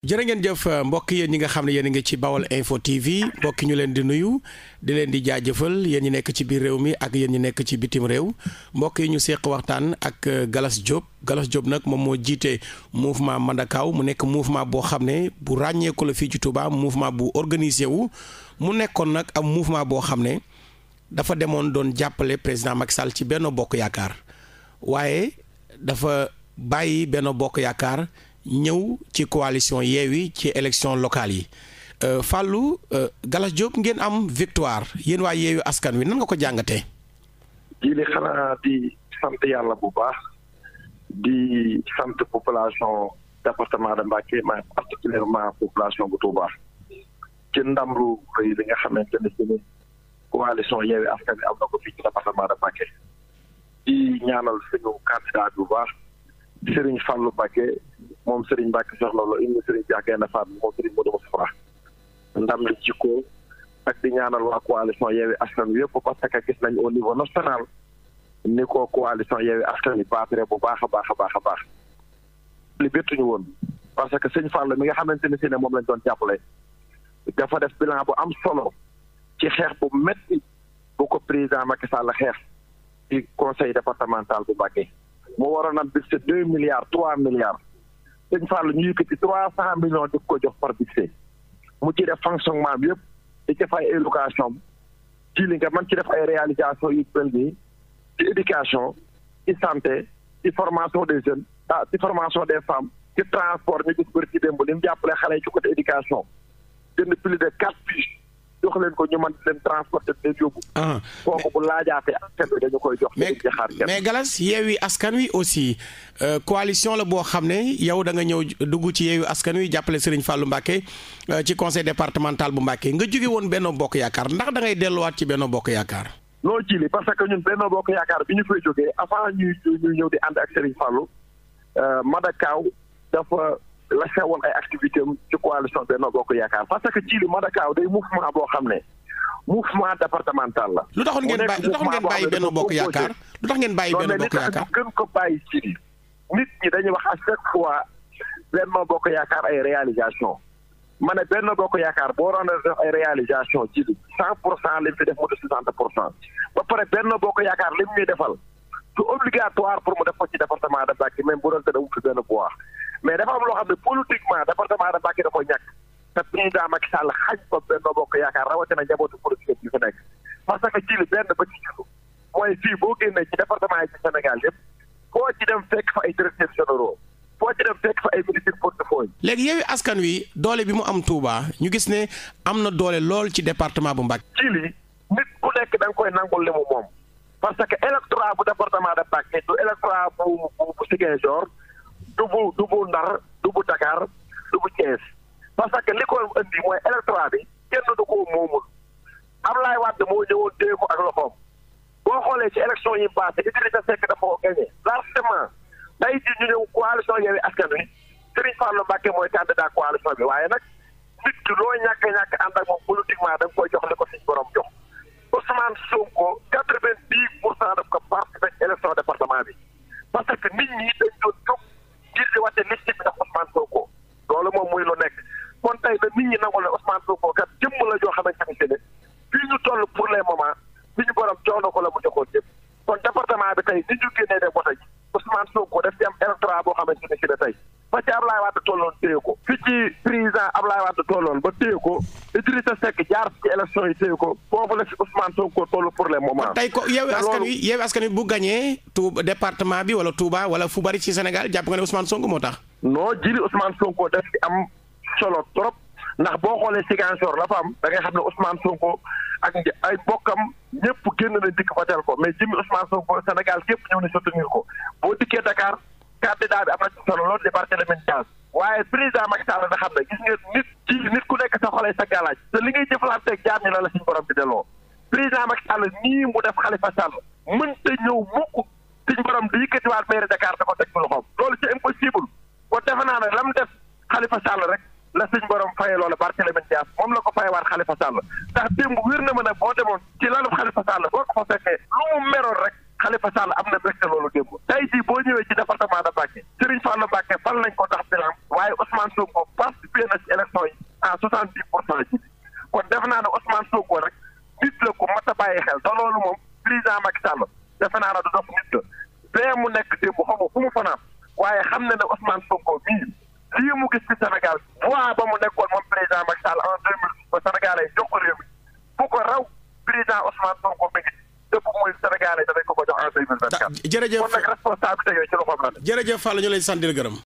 jërë ngeen jëf euh, mbokk yéen ñi nga xam ne yéen a ngi ci Bawal info TV mbokki ñu leen di nuyu di leen di jaajëfal yéen ñi nekk ci biir réew mi ak yéen ñi nekk ci bitim réew mbokk yi ñu seq waxtaan ak euh, Galas Diop Galas Diop nag moom moo jiite mouvement Mandakaw mu nekk mouvement boo xam ne bu ràññeeku la fii ci Touba mouvement bu organisé wu mu nekkoon nag am mouvement boo xam ne dafa demoon doon jàppale président Macky Sall ci benn Bokk Yaakaar waaye dafa bàyyi Benno Bokk Yaakaar. ñëw ci coalition Yewwi ci élection locale yi euh, Fallou euh, Gallas Diop ngeen am victoire yéen waa Yewwi Askan Wi nan nga ko jàngatee. di li xanaa di sant yàlla bu baax di sant population département de Mbacké mais particulièrement population bu Touba ci ndam lu rëy li nga xamante ne ci coalition Yewwi Askan Wi am na ko fii ci de Mbacké di ñaanal suñu candidat bu baax. di sëriñ Fallou moom sëriñ Mbacke soxla la im na sëriñ bi akee na Fallou moom sëriñ Modou Moustapha ndam li jikkoo ak di ñaanal waa coalition Yewwi Askan Wi yëpp parce que gis nañ au niveau national ni ko coalition Yewwi Askan Wi baatare bu baax a baax a baax a baax li bettuñu woon parce que sëñ Fallou mi nga xamante ne si moom lañ doon jàppale dafa def bilan bu am solo ci xeex bu metti bu ko président Macky Sall xeex ci conseil départemental bu Mbacké moo waroon a budget deux milliards trois milliards sëñ Fall ñu yëkkati trois cent millions di ko jox par budget mu ci def fonctionnement bi yëpp di ci fay éducation ci li nga man ci def ay réalisation yi bëri nii ci éducation ci santé ci formation des jeunes ah ci formation des femmes ci transport ñu gis bëri ci démb li jàppale xale yi ci côté éducation jënd plus de quatre jox leen ko ñu mën leen transporter leen yóbbu. Ah. kooku bu laajaatee askan wi dañu koy jox. mais mais Galas yeewi askan wi aussi euh, coalition la boo xam ne yow da nga ñëw dugg ci yeewi askan wi jàppale Serigne fàllu Mbacké euh, ci conseil départemental bu Mbacké nga jóge woon Benno Bokk Yaakaar ndax dangay delluwaat ci Benno Bokk Yaakaar. noo ci li parce que ñun Benno Bokk Yaakaar bi ñu fay jógee avant ñuy ñuy ñëw di ànd ak Serigne Fallou euh, Madakaw dafa. la xewoon ay activité am ci coalition Benno Bokk Yaakaar parce que Djily Madakaw day mouvement boo xam ne mouvement départemental la. lu taxoon ngeen bàyyi lu taxoon ngeen bàyyi Benno Bokk Yaakaar lu tax ngeen bàyyi Benno Bokk ko bàyyi Djily nit ñi dañuy wax à chaque fois Benno Bokk Yaakaar ay réalisation ma ne Benno Bokk Yaakaar boo waroon def ay réalisation Djily cent pour cent li mu fi def mu def soixante pour cent ba pare Benno Bokk Yaakaar li mu ñuy defal. c'est obligatoire pour mu def ko ci département de Mbacké même bu mais dafa am loo xam ne politiquement département de Mbacké da ko ñàkk te président Macky Sall xaj ko Benno Bokk Yaakaar rawatina njabootu politique bi fi nekk parce que ci li benn ba ci jiitu mooy boo génnee ci département yi ci Sénégal yëpp foo ci dem fekk fa ay directeurs généraux foo ci dem fekk fa ay ministres portefeuille léegi Yewwi Askan Wi doole bi mu am Touba ñu gis ne am na doole lool ci département bu Mbacké ci li nit ku nekk da nga koy nangul li mu moom parce que électorat bu département de Mbacké du électorat du bu du bu Ndar du bu Dakar du bu Thiès parce que li ko indi mooy électorat bi kenn du ko moomul Ablaye Wade moo ñëwoon téye ko ak loxoom boo xoolee ci élection yi passé Idrissa Seck dafa ko gagné largement tey jii ñu ñëw coalition Yewwi Askan Wi Serigne Fallou Mbacké mooy candidat coalition bi waaye nag nit ki loo ñàkk ñàkk ànd ak moom politiquement da nga koy jox li ko suñ borom jox Ousmane Sonko kon tey da nit ñi nangu ne Ousmane Sonko kat jëmm la joo xamante ne na ko la mu joxoon yëpp kon département bi tey ni ñu ci am électorat boo ba ci Ablaye Wade tolloon téye ko fi ci ba téye ko Idrissa Seck jaar ci élection yi téye ko foofu la si Ousmane Sonko toll pour les moments. tey ko yow askan wi yow askan wi bu gagné Touba département bi wala Touba wala fu bari ci jàpp nga ne Ousmane Sonko moo tax. ci am. solo trop ndax boo xoolee Ziguinchor la fa am da ngay xam ne Ousmane Sonko ak ay bokkam ñëpp génn nañ dikk votel ko mais jëmmi Ousmane Sonko Sénégal képp ñëw nañ soutenir ko boo dikkee Dakar candidat bi am na ci solo loolu di Barthélémy Dias waaye président Macky ne nit ku nekk te li ngay jëflanteeg jaam ñi la la suñu borom bi delloo président Macky Sall nii mu def Khalifa Sall ko teg ci loxoom loolu c'est impossible kon naa ne lam def Khalifa Sall rek la suñ borom faye loola Barthélémy Dias moom la ko fayewaat Khalifa Sall ndax démb wér na ma ne boo demoon ci laalub Khalifa Sall boo ko fa fekkee lu meroon rek Khalifa Sall am na mbégte loolu démb tey jii boo ñëwee ci département de Mbacké Serigne Fallou Mbacké fal nañ ko ndax bilan waaye Ousmane Sonko participé na ci élection yi à soixante dix pour cent ji kon def naa ne Ousmane Sonko rek nit la ko mat a bàyyi xel te loolu moom président Macky Sall defe mu nekk démb xamu fu mu fanaan waaye na ne Ousmane lii mu gis ci Sénégal voie ba mu nekkoon moom président Macky Sall en deux mille ba Sénégalais jox ko réew mi bu ko raw président Ousmane Sonko mi ngi dëpp mooy Sénégalais danañ ko ko jox en deux mille vingt quatre. jërëjëf kon nag responsabilité yooyu ci loxoom la. jërëjëf Fall ñu lay sant gërëm.